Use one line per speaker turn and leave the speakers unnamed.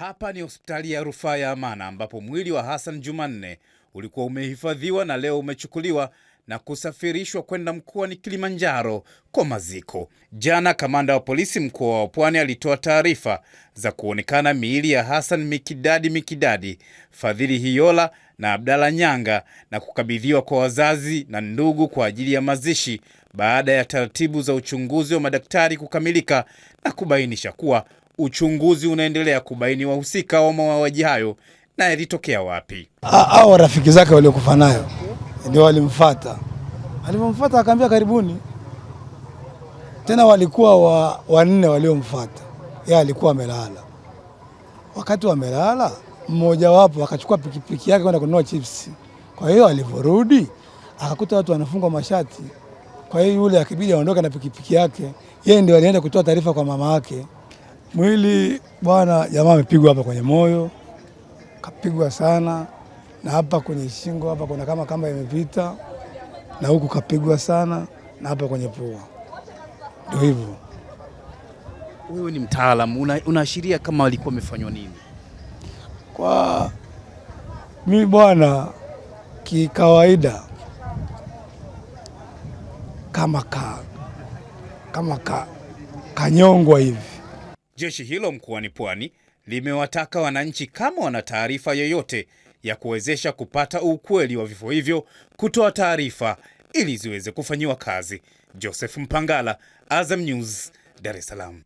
Hapa ni hospitali ya rufaa ya Amana ambapo mwili wa Hassan Jumanne ulikuwa umehifadhiwa na leo umechukuliwa na kusafirishwa kwenda mkoani Kilimanjaro kwa maziko. Jana kamanda wa polisi mkoa wa Pwani alitoa taarifa za kuonekana miili ya Hassan Mikidadi Mikidadi, Fadhili Hiola na abdala Nyanga na kukabidhiwa kwa wazazi na ndugu kwa ajili ya mazishi baada ya taratibu za uchunguzi wa madaktari kukamilika na kubainisha kuwa uchunguzi unaendelea kubaini wahusika wa mauaji hayo na yalitokea wapi.
Hao rafiki zake waliokufa nayo ndio walimfuata, alivyomfuata akaambia karibuni tena. Walikuwa wa, wanne waliomfuata, yeye alikuwa amelala. Wakati wamelala, wapo akachukua pikipiki yake kwenda kununua chips. Kwa hiyo alivyorudi akakuta watu wanafungwa mashati, kwa hiyo yule akibidi aondoke na pikipiki yake. Yeye ndio alienda kutoa taarifa kwa mama yake. Mwili bwana, jamaa amepigwa hapa kwenye moyo, kapigwa sana, na hapa kwenye shingo hapa kuna kama kamba imepita, na huku kapigwa sana, na hapa kwenye pua. Ndio hivyo.
Wewe ni mtaalamu, unaashiria una kama alikuwa amefanywa nini?
Kwa mi bwana, kikawaida kama ka, kama ka, kanyongwa hivi
Jeshi hilo mkoani Pwani limewataka wananchi kama wana taarifa yoyote ya kuwezesha kupata ukweli wa vifo hivyo kutoa taarifa ili ziweze kufanyiwa kazi. Joseph Mpangala, Azam News, Dar es Salaam.